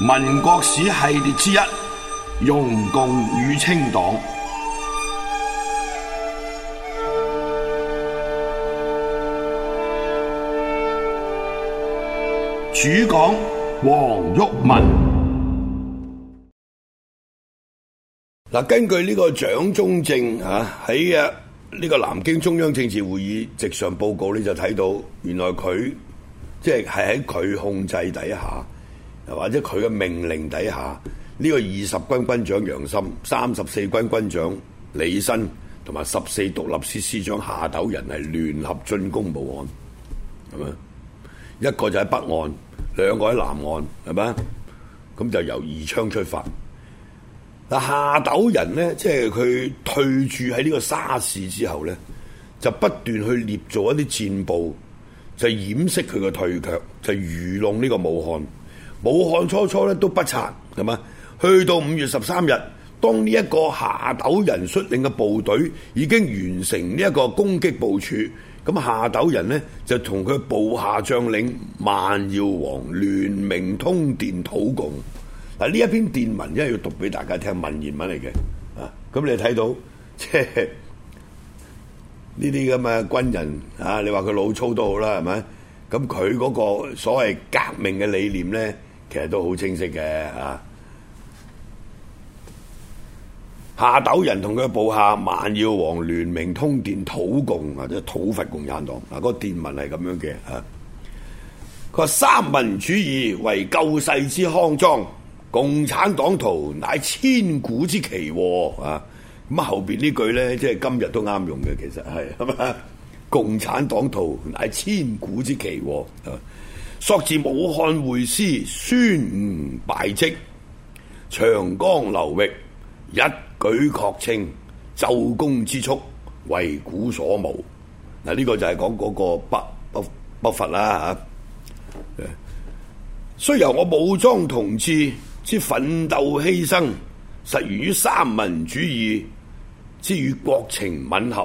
民國史系列之一，容共與清黨，主講黃毓民。嗱，根據呢個蔣中正啊喺啊呢個南京中央政治會議席上報告咧，你就睇到原來佢即係喺佢控制底下，或者佢嘅命令底下，呢、這個二十軍軍長楊森、三十四軍軍長李新同埋十四獨立師師,師長夏斗寅係聯合進攻武漢，係咪？一個就喺北岸，兩個喺南岸，係咪？咁就由宜昌出發。嗱，夏斗寅呢，即係佢退駐喺呢個沙市之後呢，就不斷去捏造一啲戰報，就掩飾佢嘅退卻，就愚弄呢個武漢。武漢初初咧都不察，係嘛？去到五月十三日，當呢一個夏斗人率領嘅部隊已經完成呢一個攻擊部署，咁夏斗人呢就同佢部下將領萬耀王聯名通電討共。嗱，呢一篇電文，一係要讀俾大家聽，文言文嚟嘅，啊，咁你睇到即係呢啲咁嘅軍人啊，你話佢老粗都好啦，係咪？咁佢嗰個所謂革命嘅理念咧，其實都好清晰嘅吓。啊、夏斗寅同佢部下萬耀煌聯名通電討共，或者討伐共產黨。嗱、那，個電文係咁樣嘅吓。佢、啊、話三民主義為救世之康莊，共產黨徒乃千古之奇禍啊！咁、啊、後邊呢句咧，即係今日都啱用嘅，其實係，係嘛。共產黨徒乃千古之奇禍，啊，索自武漢會師，孫吳敗績，長江流域一舉確清，奏功之速為古所無。嗱、啊、呢、這個就係講嗰個北北北伐啦吓，啊。雖由我武裝同志之奮鬥犧牲，實源於三民主義之與國情吻合。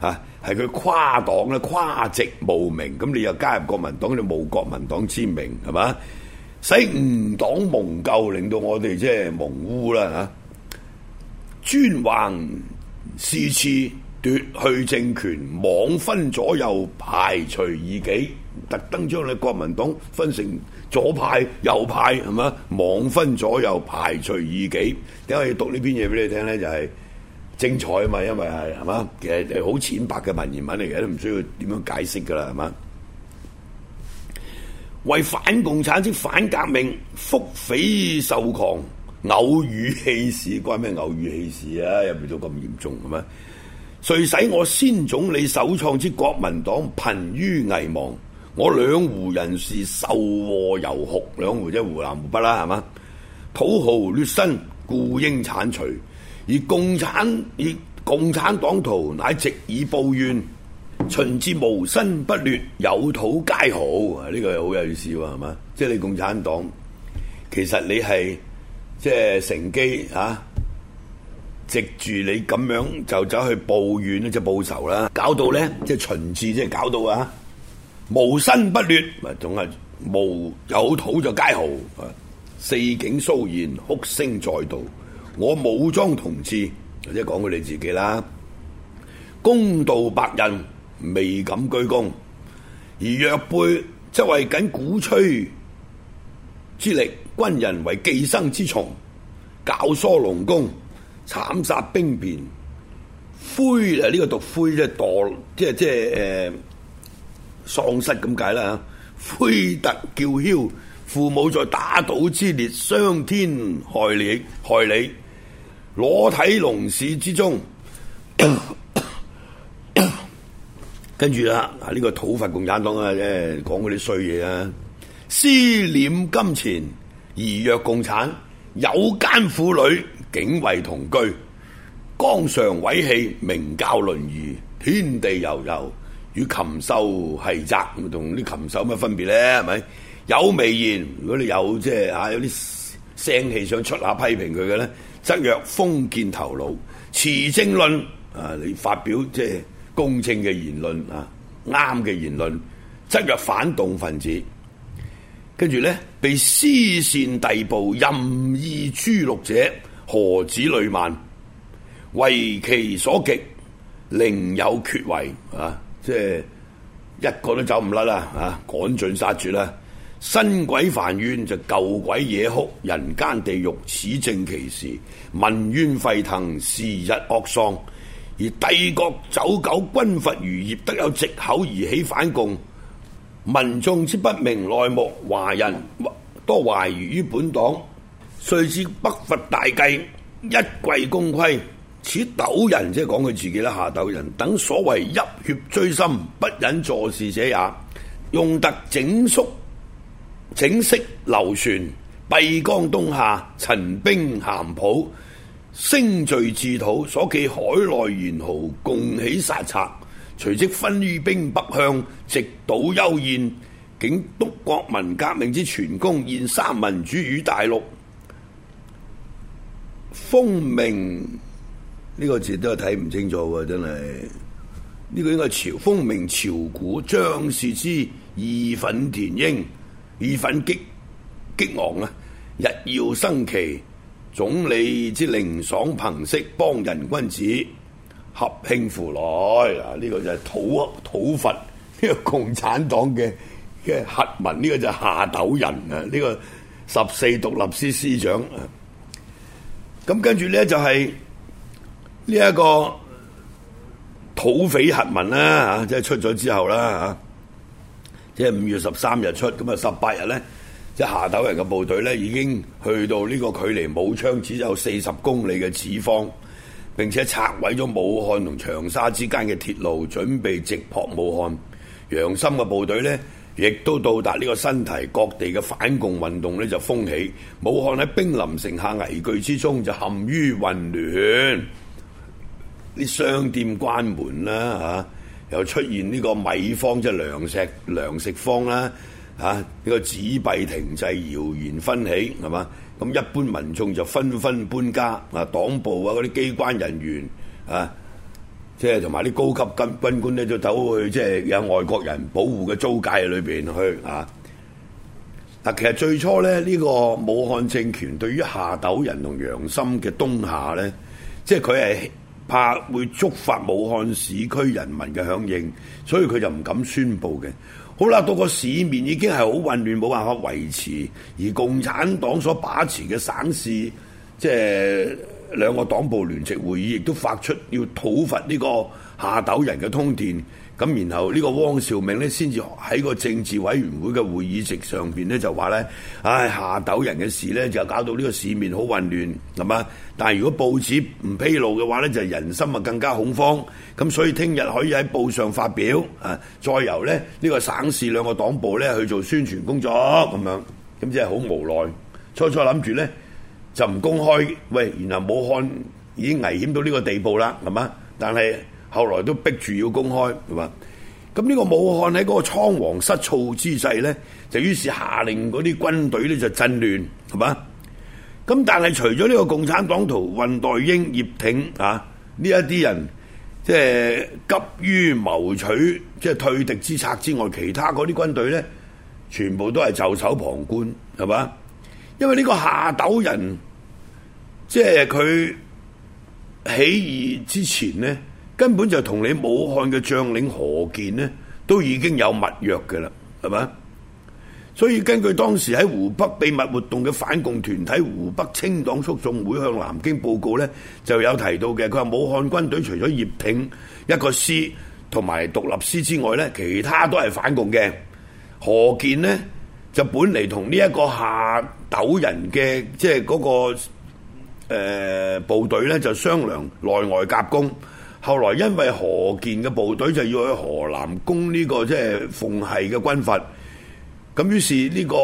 啊，係佢跨黨咧，跨籍冒名，咁你又加入國民黨，你冇國民黨之名，係嘛？使唔黨蒙救，令到我哋即係蒙污啦！吓、啊，專橫恃次奪去政權，妄分左右，排除異己，特登將你國民黨分成左派、右派，係嘛？妄分左右，排除異己。點解要讀呢篇嘢俾你聽咧？就係、是。精彩啊嘛，因為係係嘛，其實好淺白嘅文言文嚟嘅，都唔需要點樣解釋噶啦，係嘛？為反共產即反革命，腹匪受狂，偶語棄市，關咩偶語棄市啊？又變到咁嚴重嘅咩？遂使我先總理首創之國民黨瀕於危亡，我兩湖人士受禍尤酷，兩湖即係湖南、湖北啦，係嘛？土豪劣紳，故應剷除。而共產而共產黨徒乃直以報怨，馴致無紳不劣，有土皆豪。呢個係好有意思喎，係嘛？即係你共產黨，其實你係即係乘機嚇、啊，藉住你咁樣就走去報怨，就是、報仇啦。搞到咧，即係馴致，即係搞到啊，無紳不劣，咪總係無有土就皆豪。四境騷然，哭聲載道。我武裝同志，即係講到你自己啦。公道白人未敢居功，而若輩則為僅鼓吹之力，軍人為寄生之蟲，教唆農工，慘殺兵變，灰啊！呢、這個讀灰咧，即墮即係即係誒，喪、呃、失咁解啦。灰突叫囂，父母在打倒之列，傷天害理，害你。裸體龍事之中，跟住啦，啊呢個討伐共產黨啊，講嗰啲衰嘢啦，思念金錢而約共產，有奸婦女警衛同居，江上委棄名教淪夷天地悠悠，與禽獸係賊，同啲禽獸有乜分別咧？係咪有微言？如果你有即係啊，有啲聲氣想出下批評佢嘅咧？則若封建頭腦，持正論啊，你發表即係公正嘅言論啊，啱嘅言論，則若反動分子，跟住咧被私線逮捕、任意誅戮者何止累萬，為其所極，另有缺位啊，即係一個都走唔甩啦，啊，趕盡殺絕啦、啊！新鬼煩冤就舊鬼野哭，人間地獄此正其時。民怨沸騰，時日惡喪。而帝國走狗軍閥如業，得有藉口而起反共。民眾之不明內幕，華人多懷疑於本黨。遂至北伐大計一潰功虧，此斗人即係講佢自己啦，下斗人等所謂泣血追心、不忍坐視者也，用得整肅。整色流船，閉江東下，陳兵咸浦，星聚至土，所寄海內元豪，共起殺賊。隨即分兵北向，直搗幽燕，竟督國民革命之全功，現三民主與大陸。風鳴呢個字都係睇唔清楚喎，真係呢、呢個應該係潮風鳴朝古將士之義憤填膺。義憤激激昂啊！日耀生旗，總理之靈爽憑息，邦人君子盍興乎來。嗱、啊、呢、這個就係討、討伐，呢、這個共產黨嘅嘅檄文，呢、這個就係夏斗寅啊！呢、這個十四獨立師師長啊，咁跟住咧就係呢一個土匪檄文啦，吓、啊、即係出咗之後啦，吓、啊。即係五月十三日出，咁啊十八日呢，即係夏斗寅嘅部隊呢已經去到呢個距離武昌只有四十公里嘅處方，並且拆毀咗武漢同長沙之間嘅鐵路，準備直撲武漢。楊森嘅部隊呢亦都到達呢個新堤，各地嘅反共運動呢就風起。武漢喺兵臨城下危懼之中，就陷於混亂，啲商店關門啦、啊、嚇。又出現呢個米荒，即糧食糧食荒啦嚇！呢、啊這個紙幣停滯，謠言紛起，係嘛？咁一般民眾就紛紛搬家啊，黨部啊嗰啲機關人員啊，即係同埋啲高級軍軍官咧，都走去即係有外國人保護嘅租界裏邊去啊！嗱，其實最初咧，呢、這個武漢政權對於夏斗寅同楊森嘅東下咧，即係佢係。怕會觸發武漢市區人民嘅響應，所以佢就唔敢宣佈嘅。好啦，到個市面已經係好混亂，冇辦法維持。而共產黨所把持嘅省市，即係兩個黨部聯席會議，亦都發出要討伐呢個夏斗寅嘅通電。咁然後呢個汪兆銘呢，先至喺個政治委員會嘅會議席上邊呢，就話呢：「唉，下鬥人嘅事呢，就搞到呢個市面好混亂，係嘛？但係如果報紙唔披露嘅話呢，就人心啊更加恐慌。咁所以聽日可以喺報上發表，啊，再由咧呢個省市兩個黨部呢去做宣傳工作咁樣，咁即係好無奈。初初諗住呢，就唔公開，喂，原來武漢已經危險到呢個地步啦，係嘛？但係。後來都逼住要公開，係嘛？咁呢個武漢喺嗰個倉皇失措之際呢，就於是下令嗰啲軍隊呢就鎮亂，係嘛？咁但係除咗呢個共產黨徒惲代英、葉挺啊呢一啲人，即係急於謀取即係退敵之策之外，其他嗰啲軍隊呢，全部都係袖手旁觀，係嘛？因為呢個夏斗寅，即係佢起義之前呢。根本就同你武漢嘅將領何鍵呢，都已經有密約嘅啦，係嘛？所以根據當時喺湖北秘密活動嘅反共團體湖北清黨促進會向南京報告呢，就有提到嘅。佢話武漢軍隊除咗葉挺一個師同埋獨立師之外呢，其他都係反共嘅。何鍵呢，就本嚟，同呢一個夏斗寅嘅，即係嗰個誒、呃、部隊呢，就商量內外夾攻。後來因為何健嘅部隊就要去河南攻呢，這個即，就是，係奉系嘅軍閥，咁於是呢個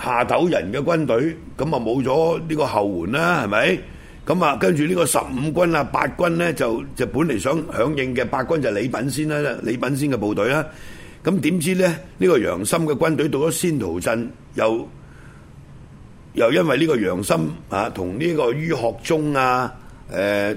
夏斗寅嘅軍隊，咁啊冇咗呢個後援啦，係咪？咁啊跟住呢個十五軍啊八軍呢，就就本嚟想響應嘅八軍就係李品仙啦，李品仙嘅部隊啦。咁點知呢？呢，這個楊森嘅軍隊到咗仙桃鎮，又又因為呢個楊森啊同呢個于學忠啊誒。呃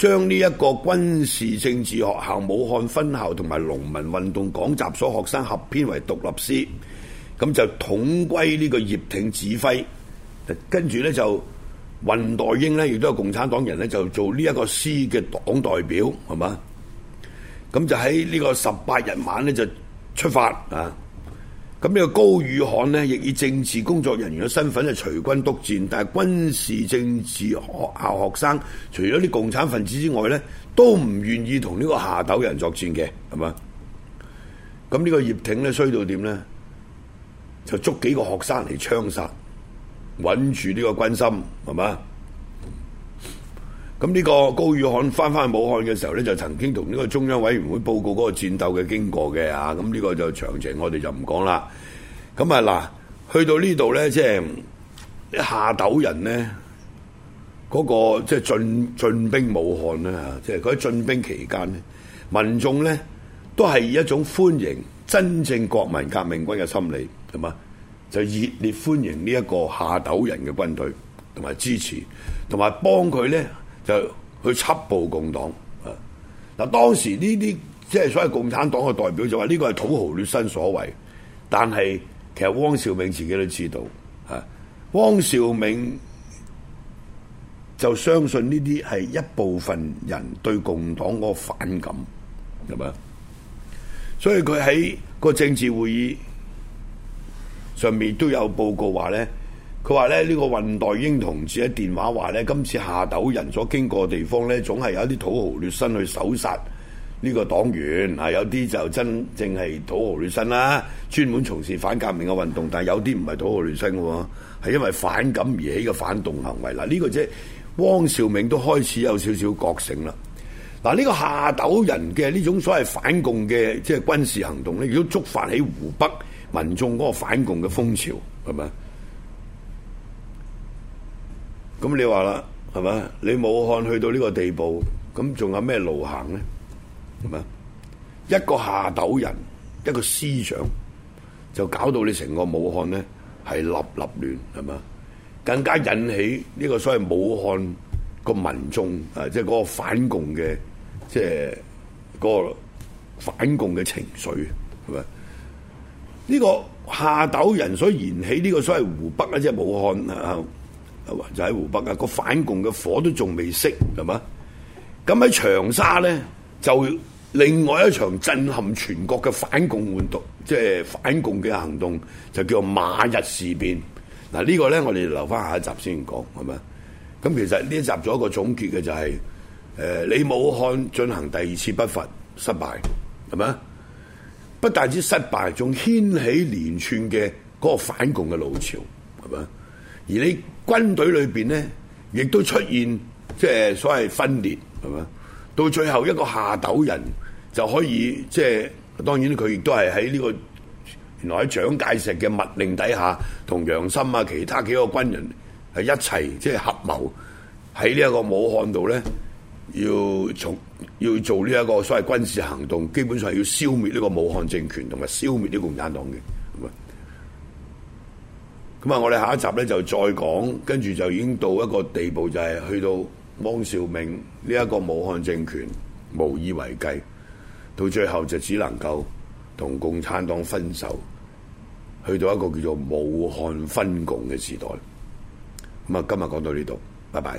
將呢一個軍事政治學校武漢分校同埋農民運動講習所學生合編為獨立師，咁就統歸呢個葉挺指揮。跟住呢，就云代英呢，亦都係共產黨人呢，就做呢一個師嘅黨代表，係嘛？咁就喺呢個十八日晚呢，就出發啊！咁呢個高語罕呢，亦以政治工作人員嘅身份嚟隨軍督戰，但係軍事政治學校學生除咗啲共產分子之外咧，都唔願意同呢個夏斗寅作戰嘅，係嘛？咁呢個葉挺咧衰到點咧？就捉幾個學生嚟槍殺，穩住呢個軍心，係嘛？咁呢個高語罕翻翻去武漢嘅時候咧，就曾經同呢個中央委員會報告嗰個戰鬥嘅經過嘅嚇，咁、啊、呢個就詳情我哋就唔講啦。咁啊嗱，去到、就是、呢度咧，即係夏斗寅咧，嗰個即係進進兵武漢啦，即係佢喺進兵期間咧，民眾咧都係以一種歡迎真正國民革命軍嘅心理，係嘛？就熱烈歡迎呢一個夏斗寅嘅軍隊，同埋支持，同埋幫佢咧。就去緝捕共黨啊！嗱，當時呢啲即係所謂共產黨嘅代表就話呢個係土豪劣紳所為，但係其實汪兆銘自己都知道嚇、啊。汪兆銘就相信呢啲係一部分人對共黨個反感，係咪？所以佢喺個政治會議上面都有報告話咧。佢話咧，呢、這個惲代英同志喺電話話咧，今次夏斗寅所經過嘅地方咧，總係有啲土豪劣紳去搜殺呢個黨員，啊有啲就真正係土豪劣紳啦，專門從事反革命嘅運動，但係有啲唔係土豪劣紳嘅喎，係因為反感而起嘅反動行為。嗱、啊，呢、這個即係汪兆銘都開始有少少覺醒啦。嗱、啊，呢、這個夏斗寅嘅呢種所謂反共嘅即係軍事行動咧，亦都觸發起湖北民眾嗰個反共嘅風潮，係咪？咁你話啦，係嘛？你武漢去到呢個地步，咁仲有咩路行咧？係嘛？一個夏斗寅，一個思想，就搞到你成個武漢咧係立立亂，係嘛？更加引起呢個所謂武漢個民眾啊，即係嗰個反共嘅，即係嗰個反共嘅情緒係嘛？呢個夏斗寅所以燃起呢個所謂湖北啊，即係武漢啊。就喺湖北啊，個反共嘅火都仲未熄，係嘛？咁喺長沙咧，就另外一場震撼全國嘅反共叛動，即、就、係、是、反共嘅行動，就叫做馬日事變。嗱、啊，這個、呢個咧，我哋留翻下，下一集先講，係嘛？咁其實呢一集做一個總結嘅就係、是，誒、呃，你武漢進行第二次北伐失敗，係嘛？不但止失敗，仲掀起連串嘅嗰個反共嘅浪潮，係嘛？而你軍隊裏邊咧，亦都出現即係、就是、所謂分裂，係嘛？到最後一個下鬥人就可以，即、就、係、是、當然佢亦都係喺呢個原來喺蔣介石嘅密令底下，同楊森啊其他幾個軍人係一齊即係、就是、合謀喺呢一個武漢度咧，要從要做呢一個所謂軍事行動，基本上係要消滅呢個武漢政權同埋消滅啲共產黨嘅，係嘛？咁啊，我哋下一集咧就再講，跟住就已經到一個地步，就係去到汪兆銘呢一個武漢政權無以為繼，到最後就只能夠同共產黨分手，去到一個叫做武漢分共嘅時代。咁啊，今日講到呢度，拜拜。